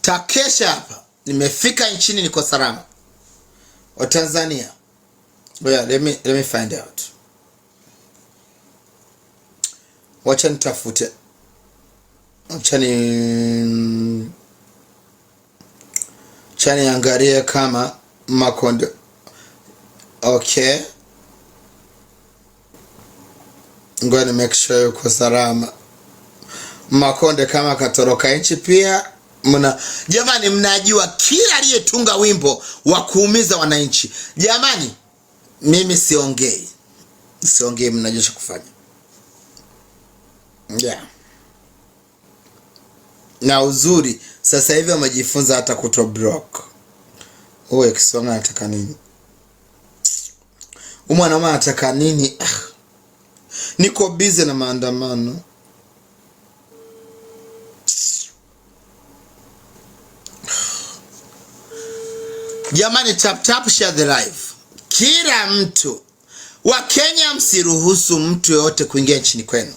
takesha hapa, nimefika nchini, niko salama. Watanzania, let me, let me find out. Wacha nitafute, wacha ni chani angalie kama Makonde. Okay, ngoja ni make sure yuko salama Makonde kama katoroka nchi pia mna, jamani, mnajua kila aliyetunga wimbo wa kuumiza wananchi, jamani, mimi siongei, siongei, mnajua cha kufanya yeah. Na uzuri sasa hivi wamejifunza hata kuto block uwe Kisonga anataka nini? Umwanama anataka nini? Ah. Niko busy na maandamano. Jamani, tap tap share the live, kila mtu. wa kenya msiruhusu mtu yoyote kuingia nchini kwenu.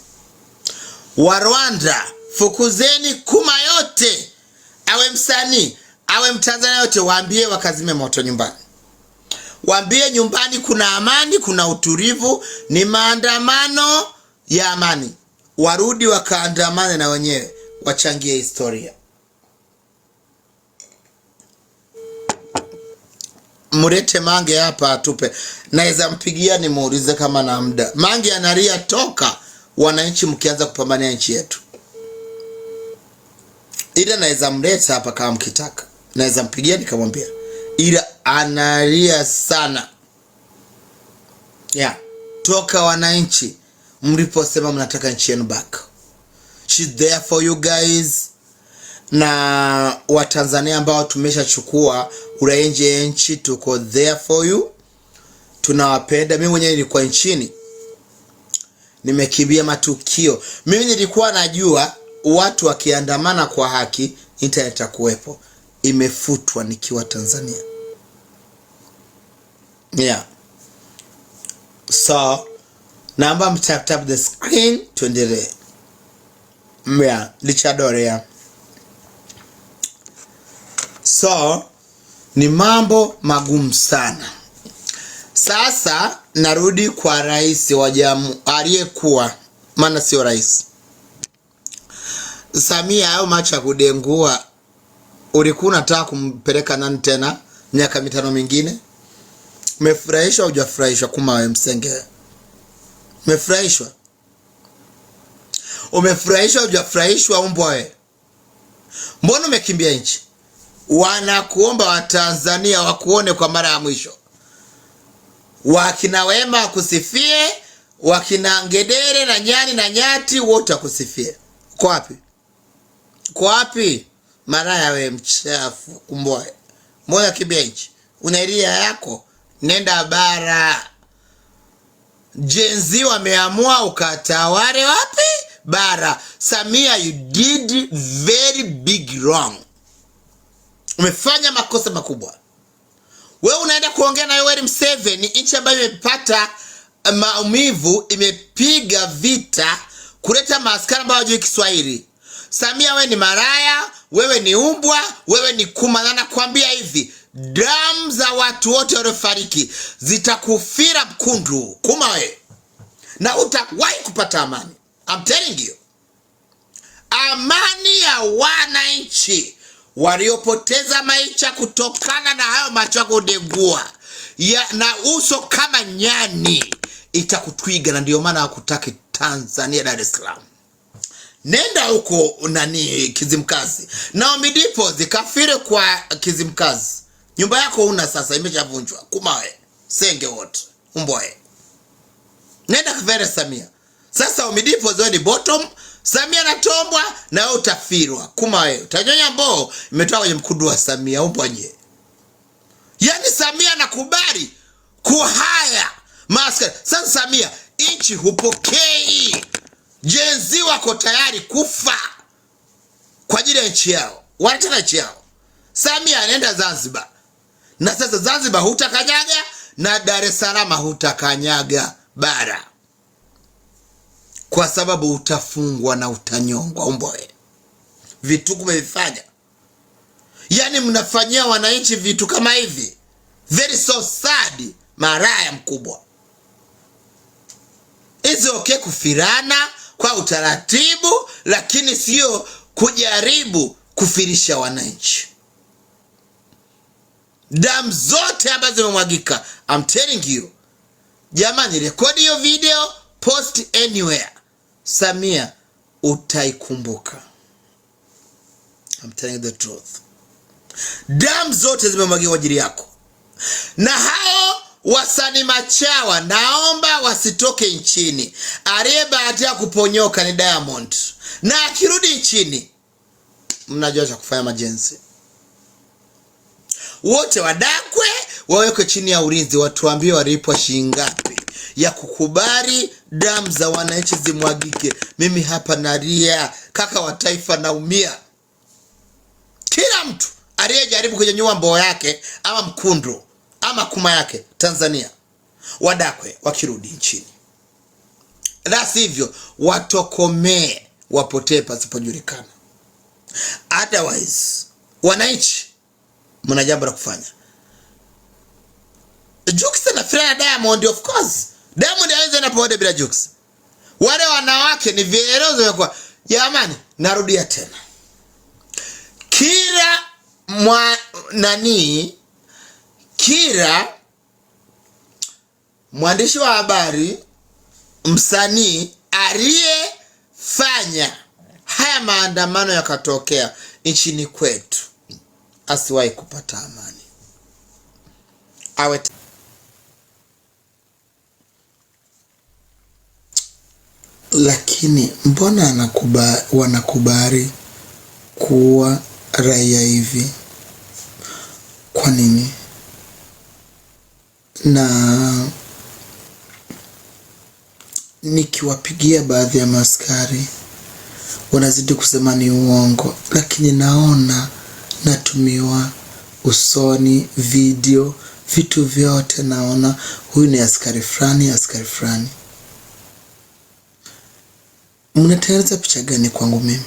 Warwanda, fukuzeni kuma yote, awe msanii awe mtanzania yote, waambie wakazime moto nyumbani, waambie nyumbani kuna amani, kuna utulivu, ni maandamano ya amani. Warudi wakaandamane na wenyewe, wachangie historia. mlete Mange hapa atupe. Naweza mpigia nimuulize kama na muda. Mange analia toka wananchi mkianza kupambania nchi yetu, ila naweza mleta hapa kama mkitaka, naweza mpigia nikamwambia, ila analia sana yeah. Toka wananchi mliposema mnataka nchi yenu back, she's there for you guys na Watanzania ambao tumeshachukua uraia nje ya nchi, tuko there for you, tunawapenda. Mimi mwenyewe nilikuwa nchini, nimekibia matukio. Mimi nilikuwa najua watu wakiandamana kwa haki, internet itakuwepo. Imefutwa nikiwa Tanzania, yeah. So naomba mtap tap the screen tuendelee. Yeah, lichadore So ni mambo magumu sana. Sasa narudi kwa rais wa jamu aliyekuwa, maana sio rais Samia au macha kudengua. Ulikuwa unataka kumpeleka nani tena miaka mitano mingine? Umefurahishwa au hujafurahishwa? we msenge, umefurahishwa? Umefurahishwa au hujafurahishwa? Umbwa we, mbona umekimbia nchi? wanakuomba Watanzania wakuone kwa mara ya mwisho. Wakina Wema wakusifie, wakina Ngedere na Nyani na Nyati wote wakusifie. Uko wapi? Uko wapi? Maraya we mchafu kumboe moya kibenchi, una eria yako, nenda bara. Jenzi wameamua ukataware wapi? Bara. Samia, you did very big wrong. Umefanya makosa makubwa. Wewe unaenda kuongea na Yoweri Museveni, nchi ambayo imepata eh, maumivu, imepiga vita kuleta maaskari ambayo hawajui Kiswahili. Samia, wewe ni maraya, wewe ni umbwa, wewe ni kuma. Na nakwambia hivi, damu za watu wote waliofariki zitakufira mkundu kuma we, na utawahi kupata amani. I'm telling you, amani ya wananchi waliopoteza maisha kutokana na hayo macho yako degua ya, na uso kama nyani itakutwiga, na ndio maana hakutaki Tanzania, Dar es Salaam. Nenda huko nani Kizimkazi, Naomi Dipo zikafire kwa Kizimkazi. Nyumba yako una sasa imeshavunjwa, Kumawe, Senge wote Umboe, nenda kafere Samia. Sasa Naomi Dipo ni bottom Samia natombwa na wewe utafirwa kuma wewe utanyonya mboo imetoka kwenye mkudu wa Samia umbwanye Yaani Samia nakubali kuhaya maskari sasa. Samia nchi hupokei jenzi, wako tayari kufa kwa ajili ya nchi yao, wanataka nchi yao. Samia anaenda Zanzibar na sasa Zanzibar hutakanyaga na Dar es Salaam hutakanyaga bara kwa sababu utafungwa na utanyongwa. Umboe vitu kumevifanya, yaani mnafanyia wananchi vitu kama hivi, very so sad, maraya mkubwa hizi. Okay, kufirana kwa utaratibu, lakini sio kujaribu kufirisha wananchi. Damu zote ambazo zimemwagika, I'm telling you jamani, rekodi hiyo video, post anywhere. Samia utaikumbuka. I'm telling you the truth. Damu zote zimemwagiwa ajili yako, na hao wasanii machawa naomba wasitoke nchini. Aliyebahatia kuponyoka ni Diamond, na akirudi nchini, mnajua cha kufanya majenzi. Wote wadakwe, wawekwe chini ya ulinzi, watuambie walipo shilingi ngapi ya kukubali damu za wananchi zimwagike. Mimi hapa nalia, kaka wa taifa, naumia. Kila mtu aliyejaribu kunyanyua mboo yake ama mkundu ama kuma yake Tanzania wadakwe wakirudi nchini, la sivyo watokomee, wapotee pasipojulikana. Otherwise wananchi, mna jambo la kufanya. Jukisa na Diamond, of course Diamond anaweza na Pamoja bila jokes. Wale wanawake ni vielezo vya kwa jamani, narudia tena, kila mwa nani, kila mwandishi wa habari, msanii aliyefanya haya maandamano yakatokea nchini kwetu asiwahi kupata amani awe Lakini mbona anakuba, wanakubali kuwa raia hivi? Kwa nini? Na nikiwapigia baadhi ya maskari wanazidi kusema ni uongo, lakini naona natumiwa usoni, video, vitu vyote, naona huyu ni askari fulani, askari fulani. Mnatayarisha picha gani kwangu mimi?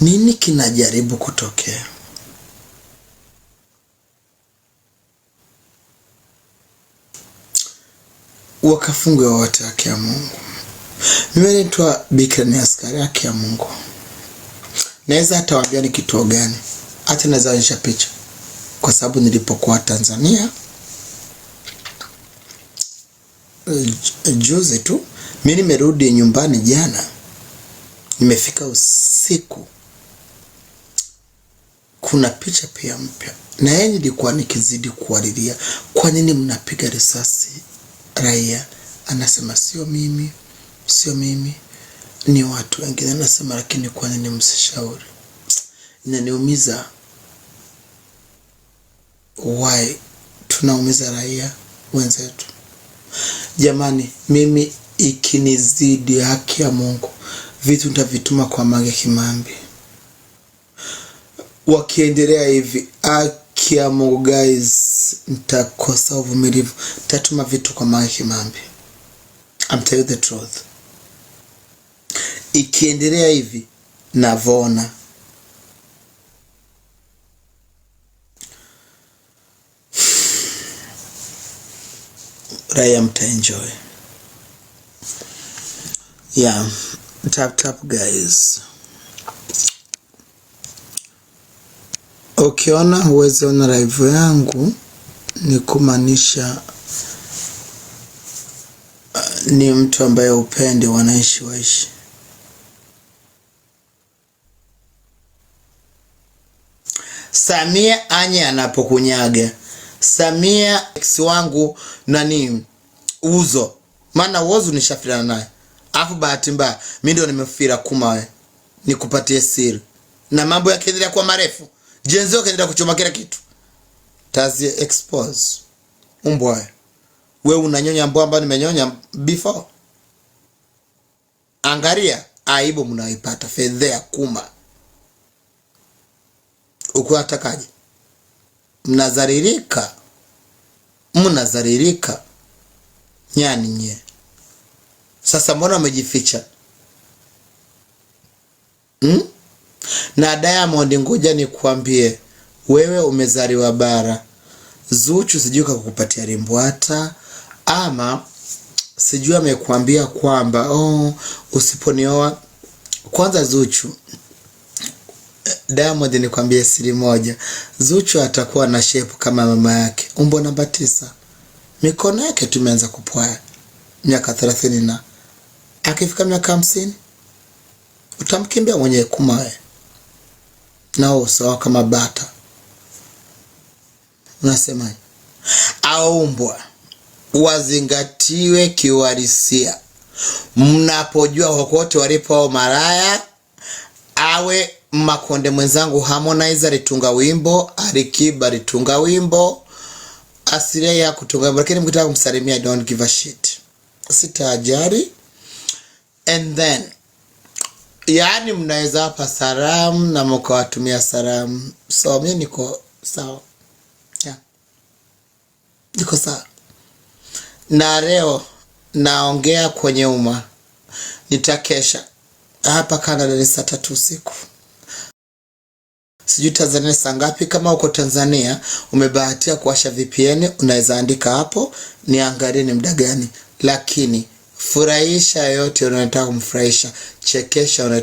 Nini kinajaribu kutokea? Wakafungwe wote haki ya Mungu. Mimi naitwa Bikira, ni askari haki ya Mungu. Naweza atawaambia ni kituo gani, hata naweza onyesha picha, kwa sababu nilipokuwa Tanzania eh, juzi tu Mi nimerudi nyumbani jana, nimefika usiku. Kuna picha pia mpya, na yeye nilikuwa nikizidi kuwalilia, kwa nini mnapiga risasi raia? Anasema sio mimi, sio mimi, ni watu wengine. Anasema lakini kwa nini msishauri? Inaniumiza. Why tunaumiza raia wenzetu? Jamani, mimi ikinizidi haki ya Mungu, vitu nitavituma kwa Mange Kimambi. Wakiendelea hivi, haki ya Mungu guys, nitakosa uvumilivu, nitatuma vitu kwa Mange Kimambi. I'm tell you the truth, ikiendelea hivi navona raia mtaenjoy. Yeah, tap tap guys. Ukiona huwezi ona live yangu ni kumaanisha uh, ni mtu ambaye upende wanaishi waishi. Samia anye anapokunyaga Samia ex wangu nani uzo, maana uozo nishafilana naye Afu bahati mbaya mimi ndio nimefira kuma we. Eh, nikupatie siri. Na mambo yakiendelea kuwa marefu, jenzo kaendelea kuchoma kila kitu. Tazi expose. Umbwa. Wewe unanyonya mbwa ambayo nimenyonya before. Angalia aibu mnaipata fedhea kuma. Uko atakaje? Mnazaririka. Mnazaririka. Nyani nye. Sasa mbona amejificha hmm? Na Diamond, ngoja nikuambie wewe, umezaliwa bara. Zuchu sijui kakupatia rimbwata ama sijui amekuambia kwamba oh, usiponioa kwanza. Zuchu Diamond, nikwambie siri moja, Zuchu atakuwa na shepu kama mama yake, umbo namba tisa, mikono yake tumeanza kupwaya miaka thelathini na akifika miaka hamsini utamkimbia mwenye kumae wewe, nao sawa kama bata. Aumbwa wazingatiwe kiuhalisia, mnapojua kokote walipo hao maraya. Awe Makonde mwenzangu Harmonize alitunga wimbo, Alikiba alitunga wimbo, Asilia ya kutunga wimbo, lakini mkitaka kumsalimia don't give a shit, sitajari and then yaani, mnaweza hapa salamu na mkawatumia salamu. So mi niko sawa, yeah. Niko sawa na leo naongea kwenye umma, nitakesha hapa Canada ni saa tatu usiku. Sijui Tanzania saa ngapi? Kama uko Tanzania umebahatia kuwasha VPN, unaweza andika hapo niangalie ni muda gani, lakini Furahisha yote unayotaka kumfurahisha, chekesha unataka